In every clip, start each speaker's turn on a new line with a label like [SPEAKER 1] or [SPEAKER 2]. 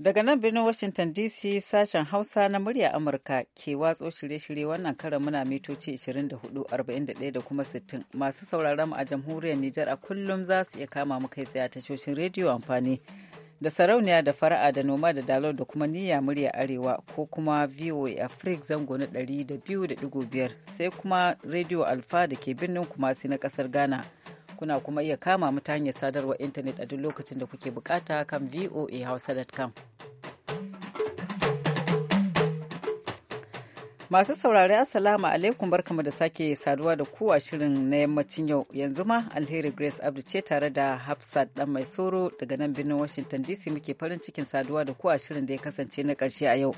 [SPEAKER 1] Daga nan birnin Washington DC sashen Hausa na murya Amurka ke watso shirye-shirye wannan karar muna mitoci 24,41 da kuma 60 masu sauraron mu a jamhuriyar Nijar a kullum za su iya kama mu kai tsaye a tashoshin rediyo amfani da sarauniya da fara'a da noma da dalo da kuma niyya murya arewa ko kuma voa afrik zango na 200.5 sai kuma radio alfa da ke birnin kumasi na kasar ghana kuna kuma iya kama mu ta hanyar sadarwar intanet a duk lokacin da kuke bukata kan vo'a voahausa.com Masu saurari Assalamu alaikum barkamu da sake saduwa da ku shirin na yammacin yau yanzu ma alheri Grace Abdu ce tare da Hafsat dan mai soro daga nan birnin Washington DC muke farin cikin saduwa da ku shirin da ya kasance na karshe a yau.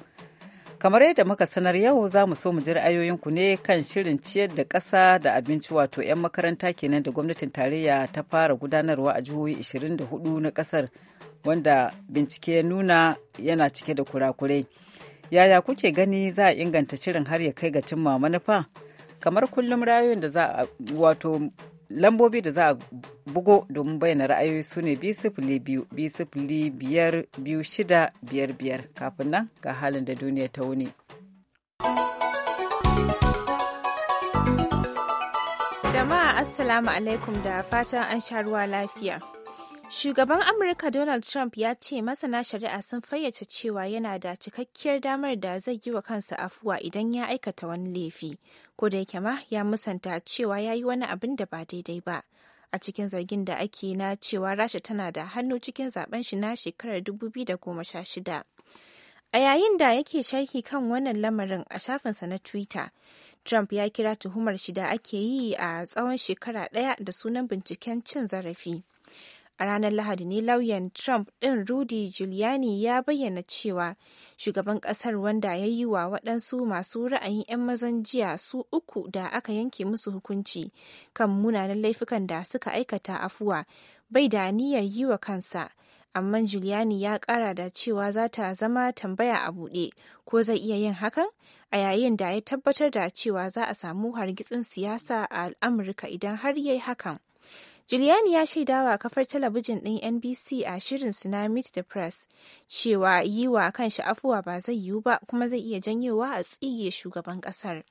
[SPEAKER 1] Kamar yadda muka sanar yau za mu so mu ji ra'ayoyinku ne kan shirin ciyar da ƙasa da abinci wato 'yan makaranta kenan da gwamnatin tarayya ta fara gudanarwa a jihohi 24 na ƙasar wanda bincike ya nuna yana cike da kurakurai. Yaya kuke gani za a inganta cirin har ya kai ga cimma manufa? Kamar kullum rayuwar da za a wato lambobi da za a bugo domin bayyana ra'ayoyi su ne biyar kafin nan ga halin da duniya ta wuni.
[SPEAKER 2] Jama'a Assalamu alaikum da fatan an sha ruwa lafiya. Shugaban Amurka Donald Trump ya ce masana shari'a sun fayyace cewa yana da cikakkiyar damar da zai yi wa kansa afuwa idan ya aikata wani laifi, ko da yake ma ya musanta cewa ya yi wani abin da ba daidai ba. A cikin zargin da ake na cewa Rasha tana da hannu cikin zaben shi na shekarar 2016. A yayin da yake sharhi kan wannan lamarin a shafinsa na Twitter, Trump ya kira tuhumar shi da ake yi a tsawon shekara ɗaya da sunan binciken cin zarafi. A ranar Lahadi ne lauyan Trump ɗin Rudy Giuliani ya bayyana cewa shugaban ƙasar wanda ya yi wa waɗansu masu ra'ayin 'yan mazan jiya su uku da aka yanke musu hukunci kan munanan laifukan da suka aikata afuwa bai da niyyar yi wa kansa. Amma Giuliani ya ƙara da cewa za ta zama tambaya a buɗe ko zai iya yin hakan a yayin da ya tabbatar da cewa za a samu hargitsin siyasa a Amurka idan har ya yi hakan. juliani ya shaidawa kafar talabijin ɗin NBC a shirin na Meet the Press cewa yi wa kanshi afuwa ba zai yiwu ba kuma zai iya janyewa a tsige shugaban ƙasar.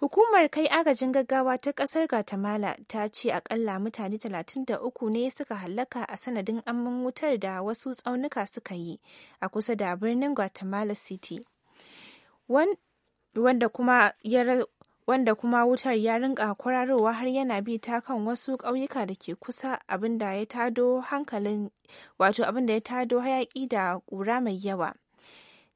[SPEAKER 2] Hukumar kai agajin gaggawa ta ƙasar Guatemala ta ce akalla mutane 33 ne suka hallaka a sanadin amman wutar da wasu tsaunuka suka yi a kusa da birnin Guatemala City. Wanda kuma ya wanda kuma wutar ya rinka kwararowa har yana bi ta kan wasu ƙauyuka da ke kusa abinda ya tado hankalin wato abinda ya tado hayaƙi da ƙura mai yawa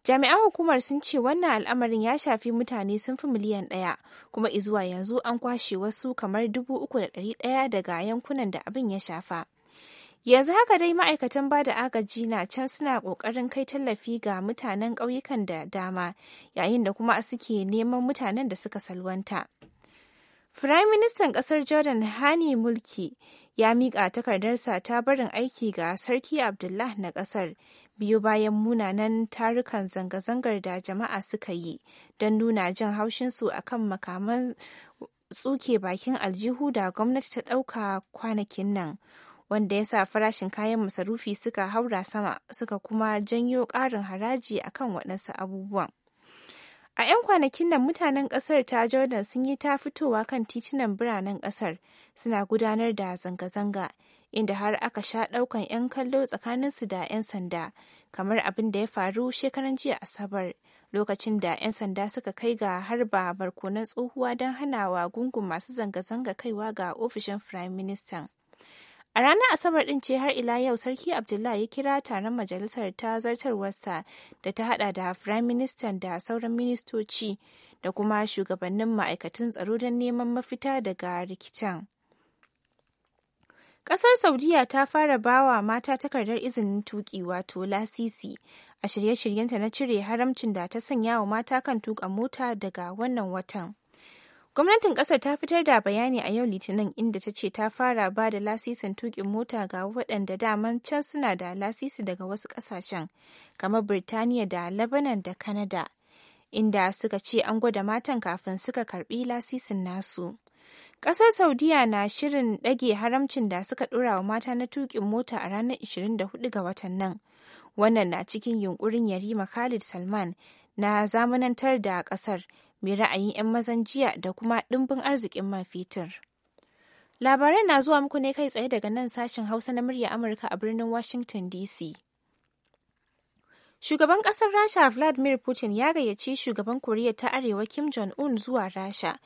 [SPEAKER 2] jami'an hukumar sun ce wannan al'amarin ya shafi mutane sun fi miliyan ɗaya kuma izuwa yanzu an kwashe wasu kamar dubu uku da ɗari ɗaya daga yankunan da abin ya shafa Yanzu haka dai ma'aikatan bada da agaji na can suna ƙoƙarin kai tallafi ga mutanen ƙauyukan da dama yayin da kuma suke neman mutanen da suka salwanta. Firayim Ministan ƙasar Jordan Hani Mulki ya miƙa takardarsa ta barin aiki ga Sarki Abdullah na ƙasar biyu bayan munanan tarukan zanga-zangar da jama'a suka yi don nuna jin haushinsu a kan makaman tsuke bakin aljihu da gwamnati ta ɗauka kwanakin nan. wanda ya sa farashin kayan masarufi suka haura sama suka kuma janyo ƙarin haraji a kan waɗansu abubuwan. A 'yan kwanakin nan mutanen ƙasar ta Jordan sun yi ta fitowa kan titunan biranen ƙasar suna gudanar da zanga-zanga inda har aka sha ɗaukan 'yan kallo tsakaninsu da 'yan sanda kamar abin da ya faru shekaran jiya Asabar lokacin da 'yan sanda suka kai ga harba barkonan tsohuwa don hanawa gungun masu zanga-zanga kaiwa ga ofishin Firayim Ministan. A ranar Asabar ɗin ce har ila yau Sarki Abdullahi ya kira taron majalisar ta zartarwarsa da ta hada da Firayim Ministan da sauran ministoci da kuma shugabannin ma'aikatan tsaro don neman mafita daga rikitan. Ƙasar Saudiya ta fara bawa mata takardar izinin tuki wato lasisi a shirye-shiryenta na cire haramcin da ta sanya wa mata kan tuka mota daga wannan watan. Gwamnatin ƙasar ta fitar da bayani a yau Litinin inda ta ce ta fara ba da lasisin tukin mota ga waɗanda daman can suna da lasisi daga wasu ƙasashen kamar Birtaniya da Lebanon da kanada inda suka ce an gwada matan kafin suka karbi lasisin nasu. Ƙasar Saudiya na shirin ɗage haramcin da suka ɗora wa mata na tukin mota a ranar 24 ga watan nan. Wannan na cikin yunkurin Yarima Khalid Salman na zamanantar da ƙasar mai ra'ayin 'yan mazan jiya da kuma ɗimbin arzikin ma fetur. Labarai na zuwa muku ne kai tsaye daga nan sashen Hausa na murya Amurka a birnin Washington DC. Shugaban ƙasar Rasha Vladimir Putin ya gayyaci shugaban Koriya ta Arewa Kim Jong-un zuwa Rasha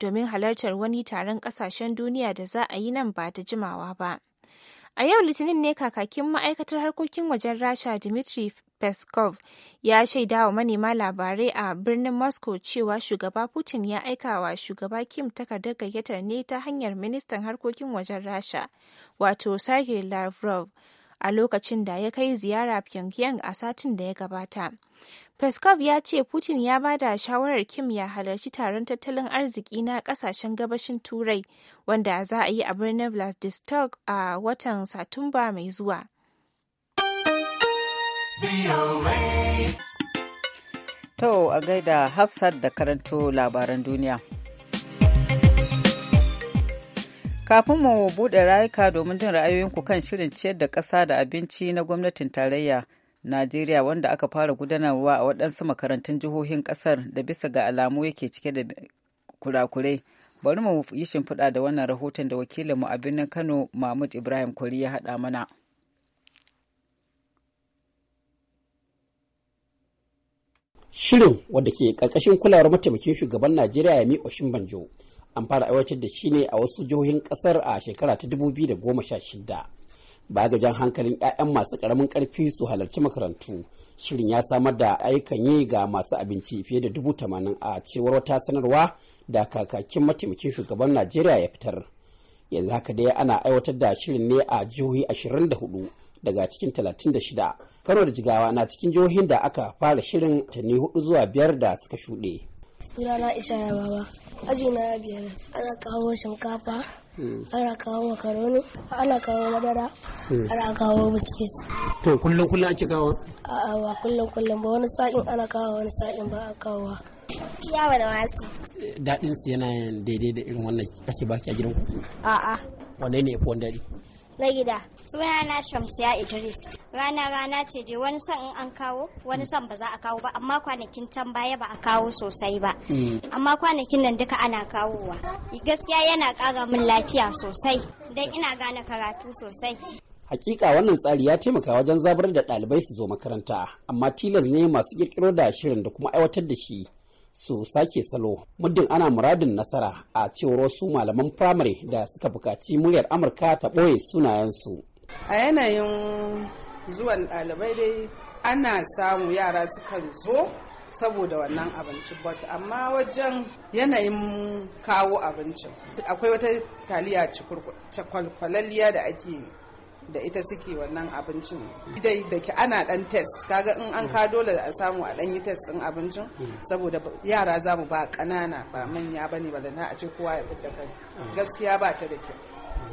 [SPEAKER 2] domin halartar wani taron ƙasashen duniya da za a yi nan ba da jimawa ba. A yau Litinin ne kakakin ma'aikatar harkokin wajen Rasha Dmitry Peskov ya shaida wa manema labarai a birnin Moscow cewa shugaba Putin ya aika wa shugaba Kim takardar gayyatar ne ta hanyar ministan harkokin wajen Rasha, wato Sergei Lavrov, a lokacin da ya kai ziyara Pyongyang a satin da ya gabata. Peskov ya ce Putin ya ba da shawarar Kim ya halarci taron tattalin arziki na kasashen gabashin Turai wanda za a yi a birnin Vladivostok a watan Satumba mai zuwa.
[SPEAKER 1] To a gaida Hafsat da karanto labaran duniya. Kafin mu buɗe rayuka domin jin ra'ayoyinku kan shirin ciyar da ƙasa da abinci na gwamnatin tarayya. Najeriya wanda aka fara gudanarwa a waɗansu makarantun jihohin ƙasar da bisa ga alamu yake cike da kurakurai. Bari mu yi shimfiɗa da wannan rahoton da wakilinmu a birnin Kano Mahmud Ibrahim Kori ya haɗa mana.
[SPEAKER 3] Shirin wadda ke ƙarƙashin kulawar mataimakin shugaban Najeriya ya shin banjo an fara aiwatar da shi ne a wasu jihohin ƙasar a shekara ta 2016. ba hankalin 'ya'yan masu karamin karfi su halarci makarantu shirin ya samar da aikan yi ga masu abinci fiye da dubu tamanin a cewar wata sanarwa da kakakin mataimakin shugaban najeriya ya fitar yanzu haka dai ana aiwatar da shirin ne a jihohi ashirin da 24 daga cikin talatin 36 kano da jigawa na cikin jihohin da aka fara shirin tanni hudu zuwa biyar da suka shuɗe
[SPEAKER 2] Sunana ya Baba. Aji na biyar. Ana kawo
[SPEAKER 4] shinkafa, hmm. ana kawo makaroni, ana kawo madara, hmm. ana kawo biskit.
[SPEAKER 3] To kullum kullum ake kawo?
[SPEAKER 4] A'a ba kullum kullum ba wani sa'in ana kawo wani sa'in ba a kawo. Yawa da wasu.
[SPEAKER 3] Daɗin su yana daidai da irin wannan ake baki a gidan ku? A'a. Wanne ne ya fi wani daɗi?
[SPEAKER 4] na gida. Suna Shamsiya Idris. Rana rana ce dai wani san in an kawo wani san ba za a kawo ba amma kwanakin can baya ba a kawo sosai ba. Mm. Amma kwanakin nan duka ana kawowa. Gaskiya yana ƙara min lafiya sosai dan ina gane karatu sosai.
[SPEAKER 3] Hakika wannan tsari ya taimaka wajen zabar da ɗalibai su zo makaranta amma tilas ne masu kirkiro da shirin da kuma aiwatar da shi su sake salo muddin ana muradin nasara a cewar wasu malaman firamare da suka buƙaci muryar amurka ta ɓoye sunayensu
[SPEAKER 4] a yanayin zuwan ɗalibai dai ana samu yara sukan zo saboda wannan abinci but amma wajen yanayin kawo abincin akwai wata taliya cikwalkwalalliya da ake da ita suke wannan abincin dai da ke ana dan test kaga in an ka dole a samu a dan yi test din abincin saboda yara za mu ba kanana ba manya bane ba ne na a ce kowa ya fitta kai gaskiya ba ta da kyau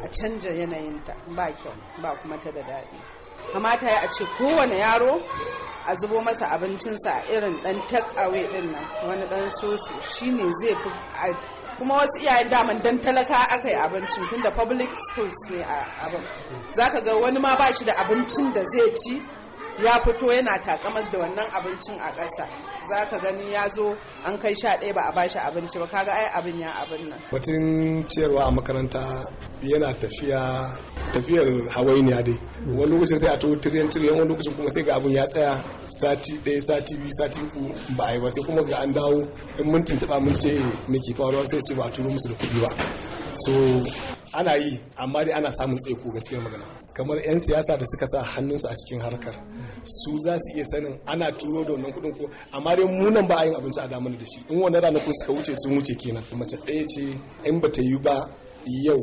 [SPEAKER 4] a canja yanayinta ba kyau ba kuma ta da daɗi kamata ya a ce kowane yaro a zubo masa abincinsa a irin dan take din nan wani dan soso shine zai fi kuma wasu iyayen daman dan talaka aka yi abincin tunda public schools ne a abin zaka ga wani ma ba shi da abincin da zai ci ya fito yana takamar da wannan abincin a ƙasa za ka gani ya zo an kai sha ɗaya ba a bashi abinci ba kaga ai abin ya abin nan
[SPEAKER 5] batun ciyarwa a makaranta yana tafiya tafiyar hawainiya dai wani lokacin sai a to tiriyan tiriyan wani lokacin kuma sai ga abun ya tsaya sati ɗaya sati biyu sati uku ba a yi ba sai kuma ga an dawo in mun tuntuɓa mun ce me ke faruwa sai ce ba a turo musu da kuɗi ba so ana yi amma dai ana samun tsaiko gaskiyar magana kamar 'yan siyasa da suka sa hannunsu a cikin harkar su za su iya sanin ana turo da wannan kuɗin ko amma dai munan ba a yin abinci a damar da shi in wannan ranakun suka wuce sun wuce kenan mace ɗaya ce in ba ta yi ba yau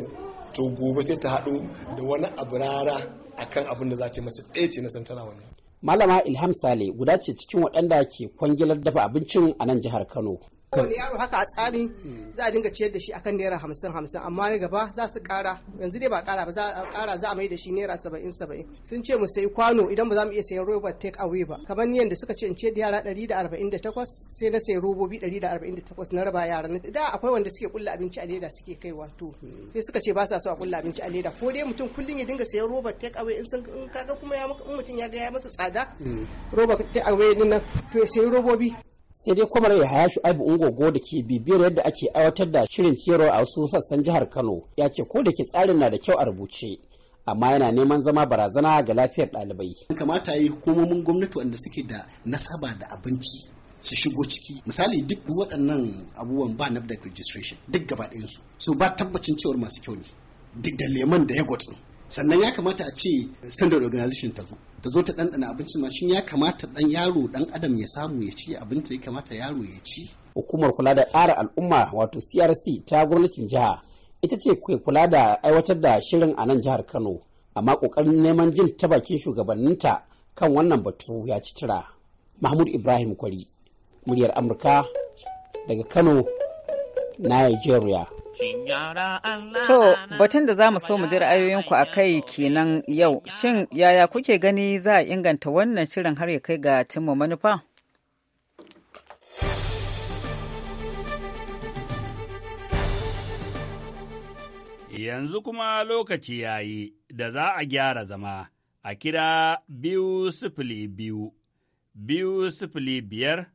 [SPEAKER 5] to gobe sai ta haɗu da wani abu rara akan abin da za ta
[SPEAKER 3] masa
[SPEAKER 6] ɗaya ce na santana wannan
[SPEAKER 3] malama ilham sale guda ce cikin waɗanda ke kwangilar dafa abincin a nan jihar kano
[SPEAKER 4] kowane yaro haka a tsari mm. za a dinga ciyar da shi akan naira hamsin hamsin amma na gaba za su kara yanzu dai ba kara ba za a kara za a mai da shi naira saba'in saba'in sun ce mu sayi kwano idan ba za mu iya sayan robot take away ba kamar ni yanda suka ce in ciyar da yara ɗari da arba'in da takwas sai na sayi robobi ɗari da arba'in da takwas na raba yara da akwai wanda suke kulla abinci a leda suke kai wato mm. sai suka ce ba sa so a kulla abinci a leda ko dai mutum kullum ya dinga sayan robot take away in sun kaga kuma ya mutum ya ga ya masa tsada mm. robot take away din nan to ya sayi robobi
[SPEAKER 3] sai dai kwamar ya haya shu'aibu ungogo da ke bibiyar yadda ake aiwatar da shirin ciyarwa a wasu sassan jihar kano ya ce ko da ke tsarin na da kyau a rubuce amma yana neman zama barazana ga lafiyar ɗalibai. kamata yi hukumomin gwamnati wanda suke da nasaba da abinci su shigo ciki misali duk waɗannan abubuwan ba na da registration duk gaba ɗayansu so ba tabbacin cewar masu kyau ne duk da leman da ya gwatsin sannan ya kamata a ce standard organization ta zo ta zo ta ɗanɗana abinci ma shin ya kamata ɗan yaro ɗan adam ya samu ya ci abin ya kamata yaro ya ci hukumar kula da tsara al'umma wato crc ta gwamnatin jiha ita ce ke kula da aiwatar da shirin a nan jihar kano amma kokarin neman jin ta bakin shugabanninta kan wannan batu ya ci tira mahmud ibrahim kwari muryar amurka daga kano Nigeria.
[SPEAKER 1] To, batun da za mu so mu ji ra'ayoyinku a kai kenan yau, shin yaya kuke gani za a inganta wannan shirin har ya kai ga cimma manufa?
[SPEAKER 5] Yanzu kuma lokaci ya yi da za a gyara zama a kira biyu sifili biyu, biyu sifili biyar,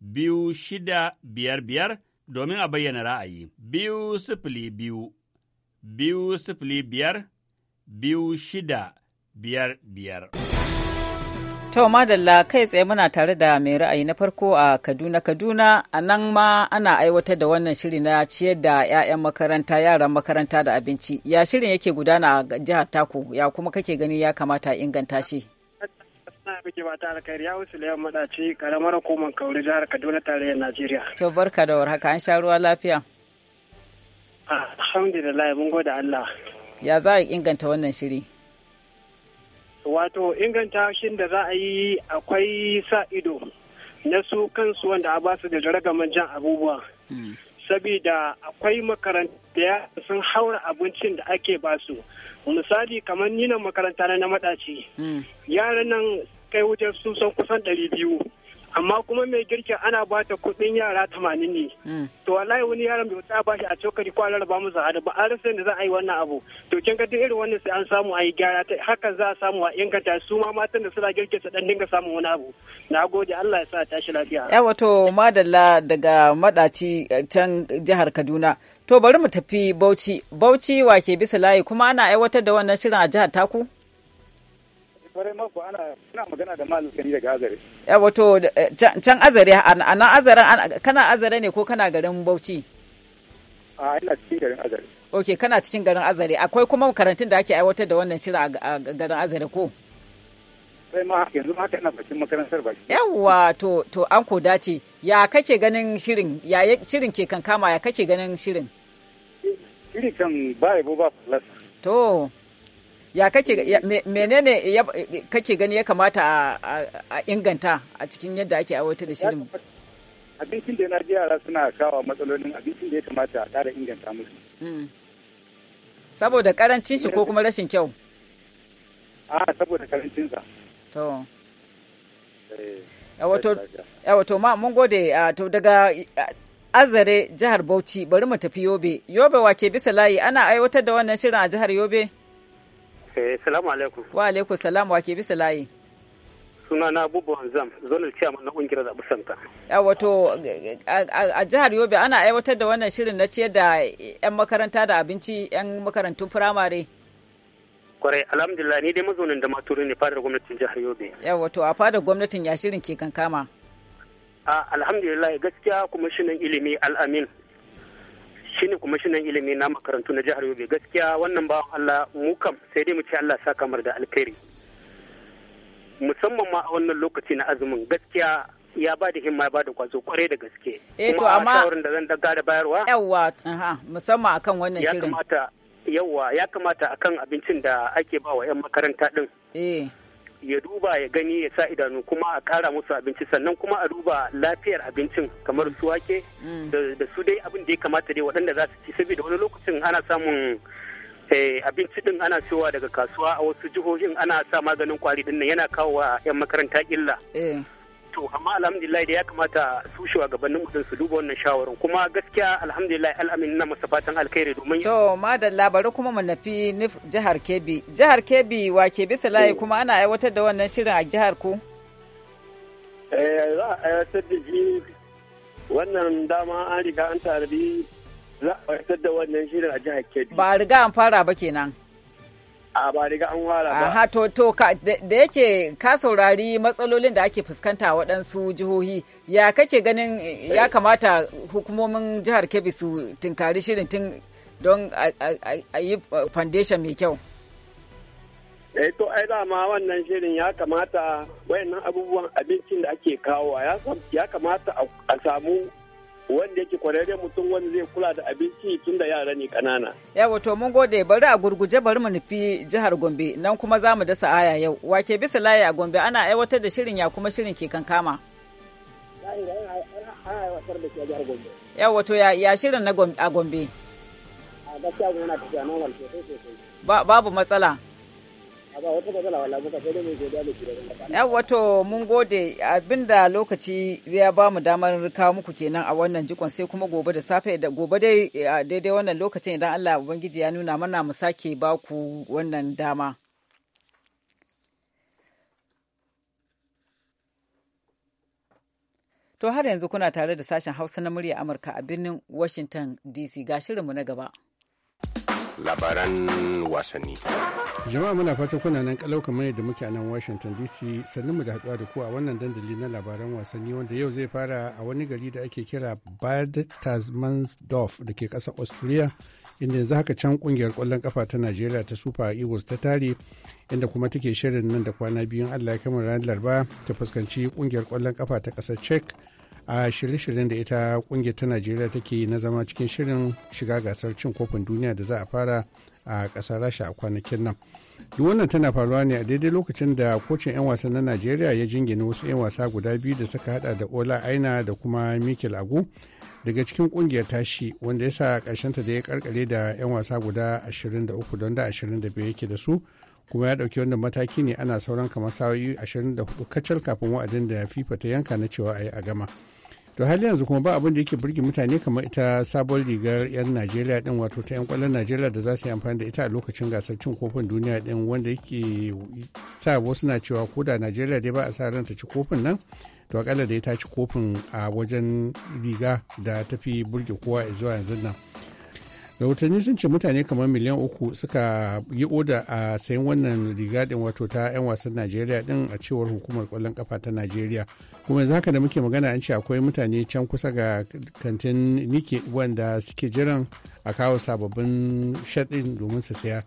[SPEAKER 5] biyu shida biyar biyar. domin a bayyana ra'ayi. Biyu sifili biyu, biyu sifili biyar, biyu shida biyar biyar.
[SPEAKER 1] To madalla kai tsaye muna tare da mai ra'ayi na farko a Kaduna Kaduna a nan ma ana aiwatar da wannan shiri na ciyar da 'ya'yan makaranta yaran makaranta da abinci. Ya shirin yake gudana a jihar Taku ya kuma kake gani ya kamata a inganta shi.
[SPEAKER 6] na biki ba ta alkhairi ya wuce liyan madaci karamar hukumar kauri jihar kaduna tarayyar najeriya
[SPEAKER 1] to barka da warhaka an sha ruwa lafiya
[SPEAKER 6] ah, alhamdulillah mun gode allah
[SPEAKER 1] ya za a inganta wannan shiri
[SPEAKER 6] wato inganta shin da za a yi akwai sa ido na su kansu wanda a basu da jaragaman jan abubuwa hmm. saboda akwai makaranta ya sun haura abincin da ake basu misali kamar nina makaranta na madaci hmm. yaran nan kai wutar sun san kusan ɗari biyu amma kuma mai girki ana ba ta kuɗin yara tamanin ne hmm. to wallahi wani yaron bai wuta ba shi a cokari ko alar ba mu ba a rasa da za a yi wannan abu to kin ga irin wannan sai an samu a yi gyara ta haka za a samu a inganta su ma matan da suna girki su dan dinga samun wani abu na gode Allah ya sa tashi lafiya yawa to
[SPEAKER 1] madalla daga madaci eh, can jihar Kaduna to bari mu tafi Bauchi Bauchi wa ke bisa layi kuma ana aiwatar da wannan shirin a jihar taku
[SPEAKER 6] kwarai mako ana magana da malam daga azare
[SPEAKER 1] ya wato eh, can azare a nan azare kana azare ne ko kana garin bauchi
[SPEAKER 7] a ina cikin garin azare
[SPEAKER 1] ok kana cikin garin azare akwai kuma makarantun da ake aiwatar da wannan shirin a garin azare ko
[SPEAKER 6] sai ma yanzu haka ina bakin makarantar baki
[SPEAKER 1] yawa to to an ko dace ya kake ganin shirin ya shirin ke kankama ya kake ganin shirin shirin
[SPEAKER 6] kan ba ba plus
[SPEAKER 1] to ya kake menene kake gani ya kamata a inganta a cikin yadda ake aiwatar da shirin
[SPEAKER 6] abincin da na ji yara suna kawo matsalolin abincin da ya kamata a ƙara inganta musu
[SPEAKER 1] hmm. saboda karancin shi ko kuma rashin kyau
[SPEAKER 6] a saboda karancin sa to eh,
[SPEAKER 1] wato ma mun gode to daga azare jihar bauchi bari mu tafi yobe yobe wa ke bisa layi ana aiwatar da wannan shirin a jihar yobe
[SPEAKER 6] Eh, salamu alaikum.
[SPEAKER 1] Wa alaikum salam wa ke bisa layi.
[SPEAKER 6] Suna na abubuwan zam, zonal chairman na kungiyar zaɓi santa.
[SPEAKER 1] A wato, a jihar Yobe ana aiwatar da wannan shirin na ciyar da 'yan makaranta da abinci 'yan makarantun firamare.
[SPEAKER 6] Kwarai, alhamdulillah ni dai mazaunin da maturi ne fadar gwamnatin jihar Yobe.
[SPEAKER 1] Ya wato, a fadar gwamnatin ya shirin ke kankama.
[SPEAKER 6] A alhamdulillah gaskiya kuma shirin ilimi al'amin shine kwamishinan ilimi na makarantu na jihar yobe gaskiya wannan ba allah mu kam sai dai mu ce allah sa kamar da alkhairi musamman ma a wannan lokaci na azumin gaskiya ya ba da himma ya ba da kwazo kwarai da gaske eh, kuma a shawarin da zan daga da bayarwa yawa musamman akan wannan shirin ya kamata yawa ya kamata akan abincin da ake ba wa 'yan makaranta din eh. ya duba ya gani ya sa idanu kuma a kara musu abinci sannan kuma a duba lafiyar abincin kamar su wake mm. da su dai abin da ya kamata dai waɗanda za su ci saboda wani lokacin ana samun eh, abinci din ana siyowa daga kasuwa a wasu jihohin ana sa maganin kwari din nan yana kawo wa 'yan makaranta illa. Eh. to amma alhamdulillah da ya kamata su shugabannin mutum su duba wannan shawarin kuma gaskiya alhamdulillah al'amin na masa fatan alkhairi domin to
[SPEAKER 1] madalla bari kuma mu nafi jihar Kebbi jihar Kebbi wa ke bisa layi kuma ana aiwatar da wannan shirin a jihar ku
[SPEAKER 6] eh za a aiwatar da shi wannan dama an riga an tarbi za a aiwatar da wannan shirin a jihar Kebbi
[SPEAKER 1] ba riga an fara ba kenan
[SPEAKER 6] a ba riga an wala ba aha
[SPEAKER 1] to to da yake ka saurari matsalolin da ake fuskanta waɗansu jihohi ya kake ganin eh, ya eh. kamata hukumomin jihar Kebbi su tunkari shirin tun don a yi eh, foundation mai kyau
[SPEAKER 6] eh to ai dama wannan shirin ya kamata wayannan abubuwan abincin da ake kawo ya kamata a samu wanda yake kwararren mutum wanda zai kula da abinci tun da yara ne kanana.
[SPEAKER 1] Yawa to mun gode bari a gurguje bari mu nufi jihar Gombe nan kuma za mu dasa aya yau. Wake bisa layi a Gombe ana aiwatar da shirin ya kuma shirin ke kankama. Yawa to ya shirin na a Gombe. Babu matsala. wato mun gode abinda lokaci ya ba mu damar kawo muku kenan a wannan jikon sai kuma gobe da safe da gobe dai daidai wannan lokacin idan Allah ubangiji ya nuna mana mu sake ba ku wannan dama To har yanzu kuna tare da sashen Hausa na murya Amurka a birnin Washington DC ga shirinmu na gaba.
[SPEAKER 5] labaran wasanni.
[SPEAKER 7] Jama'a muna fata kuna nan kalau kamar yadda muke a nan Washington DC sannan mu da haɗuwa da ku a wannan dandali na labaran wasanni wanda yau zai fara a wani gari da ake kira Bad Tasmansdorf da ke ƙasar Austria inda yanzu haka can kungiyar kwallon kafa ta Najeriya ta Super Eagles ta tare inda kuma take shirin nan da kwana biyun Allah ya kamar ranar Laraba ta fuskanci kungiyar kwallon kafa ta ƙasar Czech a shirye-shiryen da ita kungiyar ta najeriya take na zama cikin shirin shiga gasar cin kofin duniya da za a fara a ƙasar rasha a kwanakin nan duk wannan tana faruwa ne a daidai lokacin da kocin 'yan wasa na najeriya ya jingina wasu 'yan wasa guda biyu da suka hada da ola aina da kuma mikel agu daga cikin kungiyar tashi wanda ya sa ta da ya karkare da 'yan wasa guda 23 don da 25 yake da su kuma ya ɗauki wannan mataki ne ana sauran kamar sa'o'i hudu kacal kafin wa'adin da fifa ta yanka na cewa a yi a gama to hali yanzu kuma ba abin da yake burge mutane kamar ita sabon rigar 'yan najeriya din wato ta 'yan kwallon najeriya da za su yi amfani da ita a lokacin gasar cin kofin duniya din wanda yake sa wasu na cewa ko da najeriya dai ba a sa ran ta ci kofin nan to akalla da ta ci kofin a wajen riga da tafi burge kowa zuwa yanzu nan rahotanni sun ce mutane kamar miliyan uku suka yi oda a sayan wannan riga din wato ta 'yan wasan najeriya din a cewar hukumar kwallon kafa ta najeriya kuma yanzu haka da muke magana an ce akwai mutane can kusa ga kantin nike wanda suke jiran a kawo sababbin shaɗin domin su saya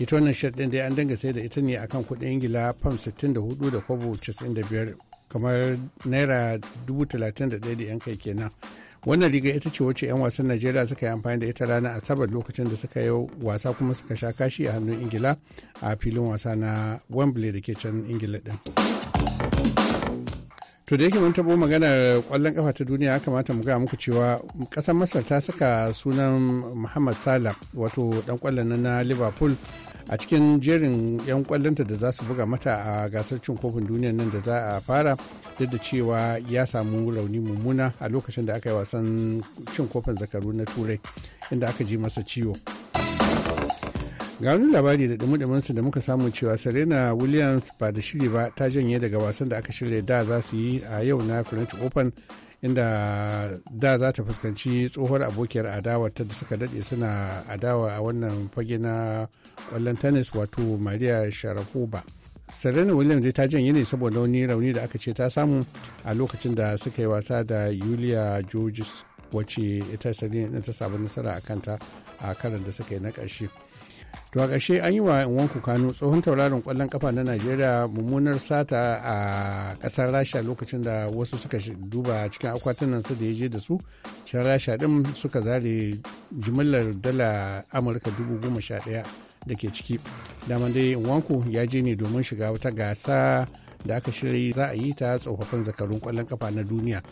[SPEAKER 7] ita wannan shaɗin dai an danga sai da ita ne akan kuɗin ingila fam 64 da kwabo 95 kamar naira 31 da 'yan kai kenan wannan riga ita ce wacce 'yan wasan najeriya suka yi amfani da ita ranar asabar lokacin da suka yi wasa kuma suka sha kashi a hannun ingila a filin wasa na wembley da ke can ingila din to da yake mun tabo maganar kwallon kafa ta duniya ya kamata mu gaya muku cewa kasar masar ta saka sunan muhammad salah wato dan kwallon na liverpool a cikin jerin 'yan kwallonta da za su buga mata a gasar cin kofin duniya nan da za a fara duk da cewa ya samu rauni mummuna a lokacin da aka yi wasan cin kofin zakaru na turai inda aka ji masa ciwo. ga wani labari da dumudumansu da muka samu cewa serena williams ba da shiri ba ta janye daga wasan da aka shirya da za su yi a yau na french open inda da za ta fuskanci tsohuwar abokiyar adawar ta da suka dade suna adawa a wannan fage na kwallon tennis wato maria sharapova serena williams dai ta janye ne saboda wani rauni da aka ce ta samu a lokacin da suka yi wasa da yuliya georges wacce ita serena ta samu nasara a kanta a karan da suka yi na ƙarshe to a ƙarshe an yi wa wanku kano tsohon tauraron ƙwallon kafa na najeriya mummunar sata a ƙasar rasha lokacin da wasu suka duba cikin akwatunan su da ya je da su can rasha ɗin suka zare jimillar dala amurka dubu goma sha ɗaya da ke ciki daman dai wanku ya je ne domin shiga wata gasa da aka shirya za a yi ta tsofaffin zakarun kwallon kafa na duniya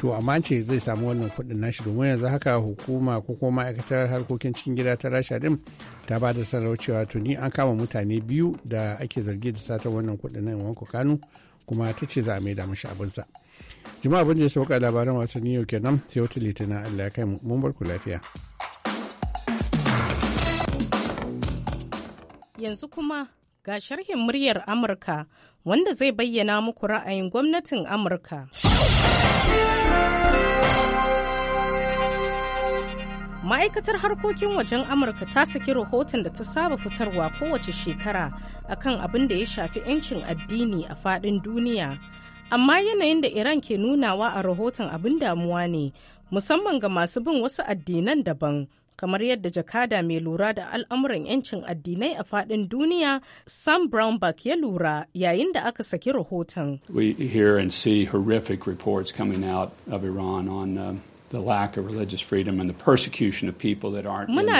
[SPEAKER 7] to amma ce zai samu wannan kuɗin nashi domin yanzu haka hukuma ko kuma ma'aikatar harkokin cikin gida ta rasha din ta ba da cewa tuni an kama mutane biyu da ake zargi da satar wannan kuɗin na wanko kanu kuma ta ce za a maida mashi abinsa jama'a abin da ya sauka labaran wasanni yau kenan sai wata litinin allah ya kai mun bar ku lafiya
[SPEAKER 8] yanzu kuma Ga sharhin muryar Amurka wanda zai bayyana muku ra'ayin gwamnatin Amurka. ma'aikatar harkokin wajen amurka ta saki rahoton da ta saba fitarwa kowace shekara akan abin da ya shafi 'yancin addini a fadin duniya amma yanayin da iran ke nunawa a rahoton abin damuwa ne musamman ga masu bin wasu addinan daban kamar yadda jakada mai lura da al'amuran 'yancin addinai a fadin duniya sam brownback ya lura yayin da aka saki rahoton
[SPEAKER 5] we hear and see horrific reports coming out of iran on uh... muna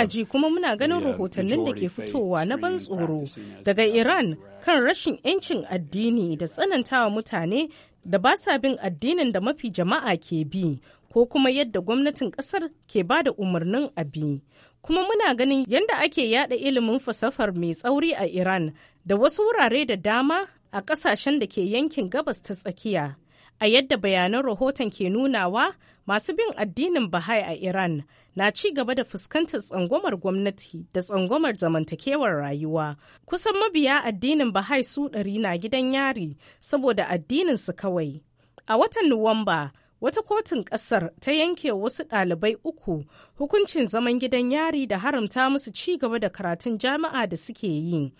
[SPEAKER 5] ji
[SPEAKER 8] kuma muna ganin uh, rahotannin da ke fitowa na ban tsoro daga Iran kan rashin 'yancin addini da tsanantawa mutane da ba sa bin addinin da mafi jama'a ke bi ko kuma yadda gwamnatin ƙasar ke ba da umarnin abi. Kuma muna ganin yadda ake yada ilimin fasafar mai tsauri a Iran da wasu wurare da dama a ƙasashen da ke yankin gabas ta tsakiya. a yadda bayanan rahoton ke nunawa masu bin addinin bahai a iran na ci gaba da fuskantar tsangwamar gwamnati da tsangwamar zamantakewar rayuwa kusan mabiya addinin bahai su ɗari na gidan yari saboda addinin su kawai a watan nuwamba wata kotun ƙasar ta yanke wasu ɗalibai uku hukuncin zaman gidan yari da haramta musu ci gaba da karatun jami'a da suke yi.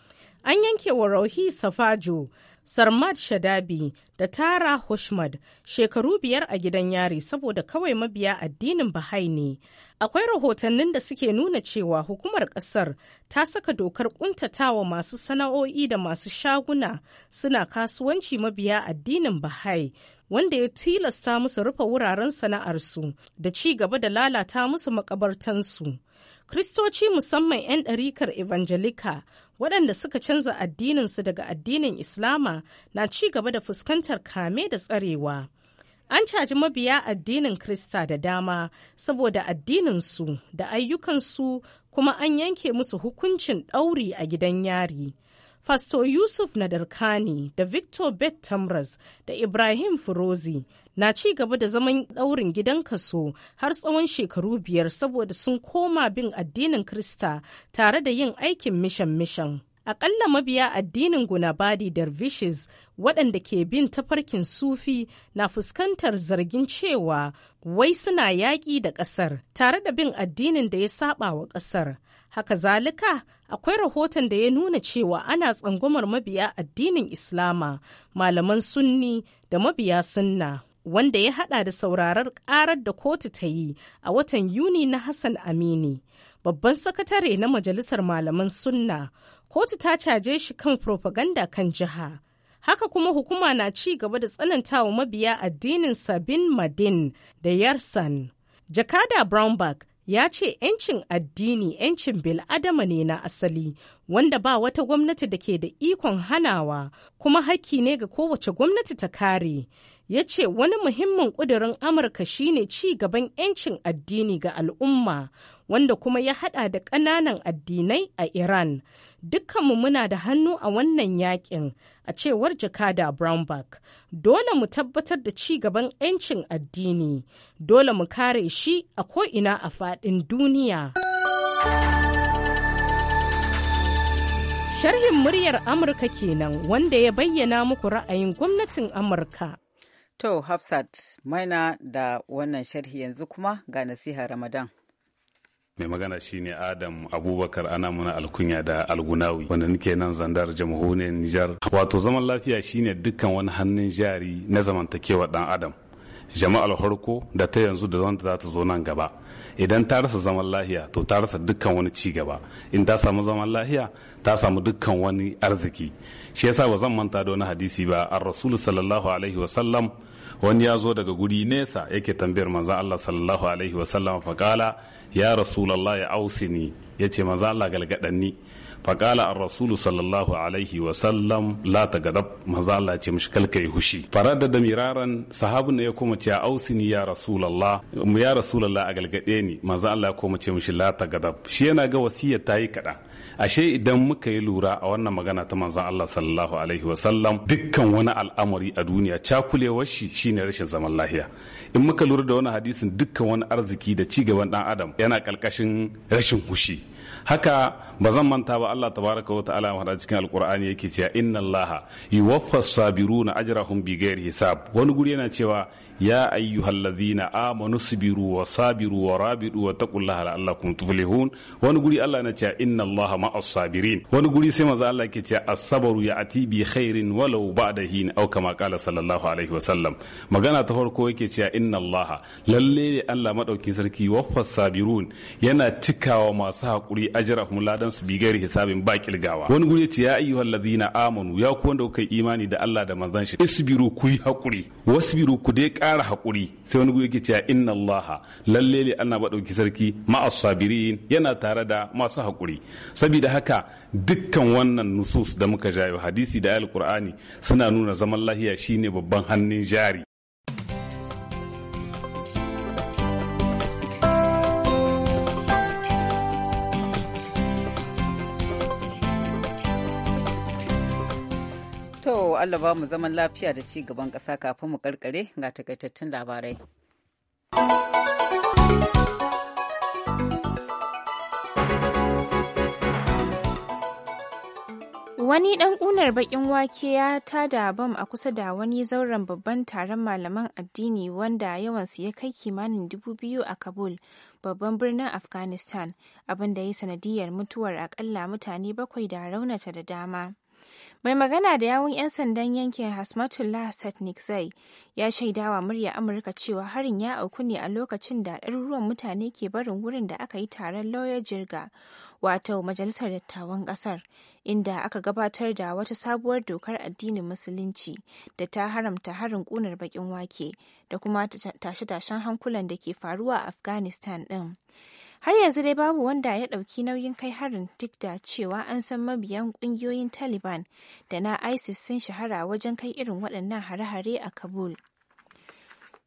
[SPEAKER 8] An yanke wa Rauhi Safajo, Sarmad Shadabi da Tara Hushmad shekaru biyar a gidan yari saboda kawai mabiya addinin Bahai ne. Akwai rahotannin da suke nuna cewa hukumar ƙasar ta saka dokar ƙuntatawa masu sana'o'i da masu shaguna suna kasuwanci mabiya addinin Bahai wanda ya tilasta musu rufe wuraren sana'arsu da ci gaba da lalata musu makabartansu. Kristoci musamman 'yan ɗarikar Evangelika waɗanda suka canza addininsu daga addinin Islama na ci gaba da fuskantar kame da tsarewa. An caji mabiya addinin Krista da dama saboda addininsu da ayyukansu kuma an yanke musu hukuncin ɗauri a gidan yari. Fasto Yusuf Nadarkani da Victor Bet Tamras da Ibrahim Firozi na ci gaba da zaman ɗaurin gidan kaso har tsawon shekaru biyar saboda sun koma bin addinin Krista tare da yin aikin mishan-mishan. Aƙalla mabiya addinin gunabadi dervishes waɗanda ke bin tafarkin sufi na fuskantar zargin cewa wai suna yaƙi da ƙasar tare da bin addinin da ya saba wa ƙasar Haka zalika akwai rahoton da ya nuna cewa ana tsangwamar mabiya addinin Islama, malaman sunni da mabiya sunna. Wanda ya hada da saurarar karar da kotu ta yi a watan Yuni na Hassan Amini, babban sakatare na Majalisar Malaman Sunna, kotu ta caje shi kan propaganda kan jiha. haka kuma hukuma na ci gaba da tsanantawa mabiya addinin sabin madin da yarsan jakada brownback ya ce 'yancin addini 'yancin bil'adama ne na asali wanda ba wata gwamnati da ke da ikon hanawa kuma haƙƙi ne ga kowace gwamnati ta kare ya ce wani muhimmin ƙudurin amurka shine ci gaban 'yancin addini ga al'umma wanda kuma ya hada da ƙananan addinai a Iran. Dukkanmu muna da hannu a wannan yakin, a cewar jakada Brownback. Dole mu tabbatar da ci gaban 'yancin addini, dole mu kare shi a ko'ina a faɗin duniya. Sharhin muryar Amurka kenan wanda ya bayyana
[SPEAKER 1] muku ra'ayin gwamnatin Amurka. To, Hafsat, maina da wannan sharhi yanzu kuma ga nasiha Ramadan.
[SPEAKER 5] mai magana shine adam abubakar ana muna alkunya da algunawi wanda nike nan zandar jamhuriyar nijar wato zaman lafiya shine dukkan wani hannun jari na zamantakewa dan adam jama'ar harko da ta yanzu da wanda za ta zo nan gaba idan ta rasa zaman lahiya to ta rasa dukkan wani ci gaba in ta samu zaman lahiya ta samu dukkan wani arziki shi yasa ba zan manta da wani hadisi ba ar rasulu sallallahu alaihi wa sallam. wani ya zo daga guri nesa yake tambayar maza Allah sallallahu alaihi wasallam faqala ya rasulullah ya ausini ya ce Allah galgadanni faqala ar-rasul sallallahu alaihi wasallam la ta gadab Allah ce mushkal kai hushi farada da miraran sahabin ya kuma ce ausini ya mu ya rasulullah a galgade ni manzan Allah ya kuma ce mushi la ta shi yana ga wasiyyar tayi kada kaɗan ashe idan muka yi lura a wannan magana ta manzon Allah sallallahu alaihi wasallam dukkan wani al'amari a duniya cakulewar shi shine rashin zaman lafiya. in muka lura da wani hadisin dukkan wani arziki da ci gaban dan adam yana kalkashin rashin hushi haka ba zan manta ba Allah tabaraka wa ta'ala wa cikin alqur'ani yake cewa inna allaha yuwaffa sabiruna ajrahum bighairi hisab wani guri yana cewa ya ayyuhallazina amanu subiru wa sabiru wa rabidu wa taqullaha la'allakum tuflihun wani guri Allah na cewa inna Allah ma'as sabirin wani guri sai manzo Allah ke cewa as-sabru ya'ti bi khairin walau ba'da hin aw kama qala sallallahu alaihi wa sallam magana ta farko yake cewa inna Allah lalle Allah Madauki, sarki waffas sabirun yana cikawa masu hakuri ajrahum ladan su Gairi, hisabin ba kilgawa wani guri ce ya ayyuhallazina amanu ya ku wanda kuka imani da Allah da manzon shi isbiru ku yi hakuri wasbiru ku dai ƙara haƙuri sai wani guri cewa inna allaha lalle ne allah maɗauki sarki ma'as sabirin yana tare da masu haƙuri saboda haka dukkan wannan nusus da muka jayo hadisi da alkur'ani suna nuna zaman lahiya shine babban hannun jari
[SPEAKER 1] Allah ba mu zaman lafiya da ci gaban ƙasa kafin mu karkare ga takaitattun labarai.
[SPEAKER 2] Wani ɗan ƙunar baƙin wake ya tada bam a kusa da wani zauren babban taron malaman addini wanda yawan su ya kai kimanin dubu biyu a Kabul, babban birnin Afghanistan, abinda ya sanadiyar mutuwar akalla mutane bakwai da raunata da dama. mai magana da yawun 'yan sandan yankin hasmatullah satnik zai ya shaidawa murya amurka cewa harin ya auku ne a lokacin da ɗaruruwan mutane ke barin wurin da aka yi taron lauyar jirga wato majalisar dattawan ƙasar inda aka gabatar da wata sabuwar dokar addinin musulunci da ta haramta harin ƙunar baƙin wake da kuma tashe-tashen hankulan da ke faruwa a afghanistan ɗin. har yanzu dai babu wanda ya ɗauki nauyin kai harin duk da cewa an san mabiyan ƙungiyoyin taliban da na isis sun shahara wajen kai irin waɗannan hare-hare a kabul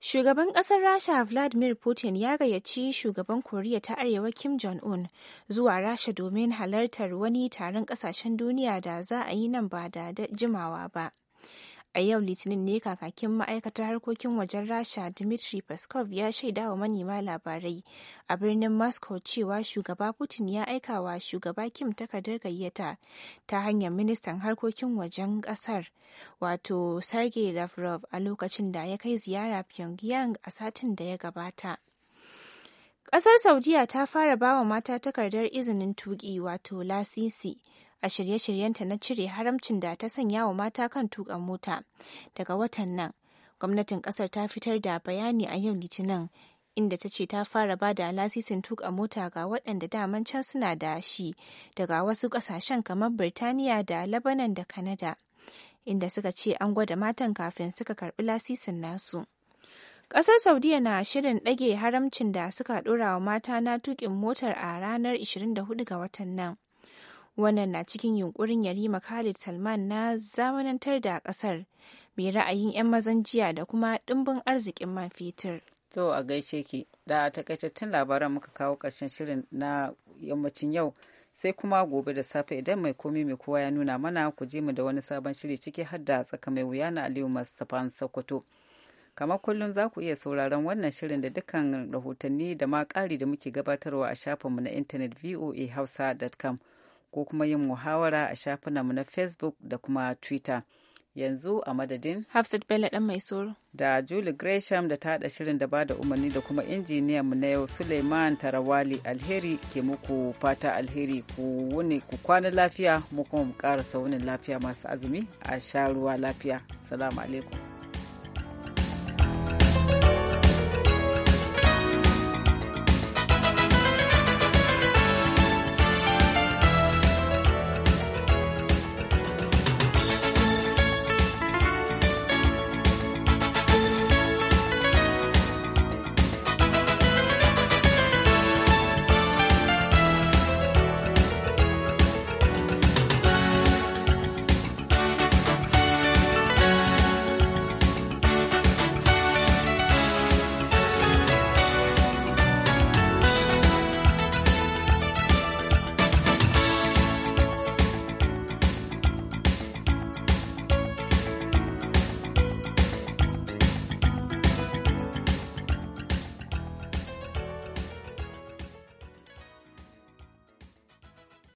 [SPEAKER 2] Shugaban ƙasar Rasha Vladimir Putin ya gayyaci shugaban Koriya ta Arewa Kim Jong-un zuwa Rasha domin halartar wani taron ƙasashen duniya da za a yi nan ba da jimawa ba. a yau litinin ne kakakin ma'aikatar harkokin wajen rasha dmitry peskov ya shaida wa manema labarai a birnin moscow cewa shugaba putin ya aika wa shugaba kim takardar gayyata ta hanyar ministan harkokin wajen kasar wato sergey lavrov a lokacin da ya kai ziyara pyongyang a satin da ya gabata Ƙasar Saudiya ta fara bawa mata takardar izinin tuki wato lasisi a shirye-shiryenta na cire haramcin da ta sanya wa mata kan tuka mota daga watan nan gwamnatin kasar ta fitar da bayani a yau litinin inda ta ce ta fara ba da lasisin tuka mota ga waɗanda daman can suna da shi daga wasu ƙasashen kamar birtaniya da labanan da kanada inda suka ce an gwada matan kafin suka karbi lasisin nasu Ƙasar Saudiya na shirin ɗage haramcin da suka ɗora wa mata na tukin motar a ranar 24 ga watan nan. Wannan na cikin yunkurin Yarima Khalid Salman na zamanantar da kasar mai ra'ayin 'yan mazan jiya da kuma dimbin arzikin man fetur. To a gaishe
[SPEAKER 1] ki da takaitattun labaran muka kawo karshen shirin na yammacin yau sai kuma gobe da safe idan mai komi mai kowa ya nuna mana ku je mu da wani sabon shiri ciki har da tsaka mai wuya na Aliyu Mustapha Sokoto. kamar kullum za ku iya sauraron wannan shirin da dukkan rahotanni da ma kari da muke gabatarwa a shafinmu na intanet voa voahausa.com ko kuma yin muhawara a mu na facebook da kuma twitter yanzu a madadin
[SPEAKER 2] hafsat bello dan mai soro
[SPEAKER 1] da julie gresham da ta da shirin da ba da umarni da kuma injiniyan mu na yau suleiman tarawali alheri ke muku fata alheri ku wuni ku kwana lafiya mu kuma mu karasa saunin lafiya masu azumi a sha ruwa lafiya salamu alaikum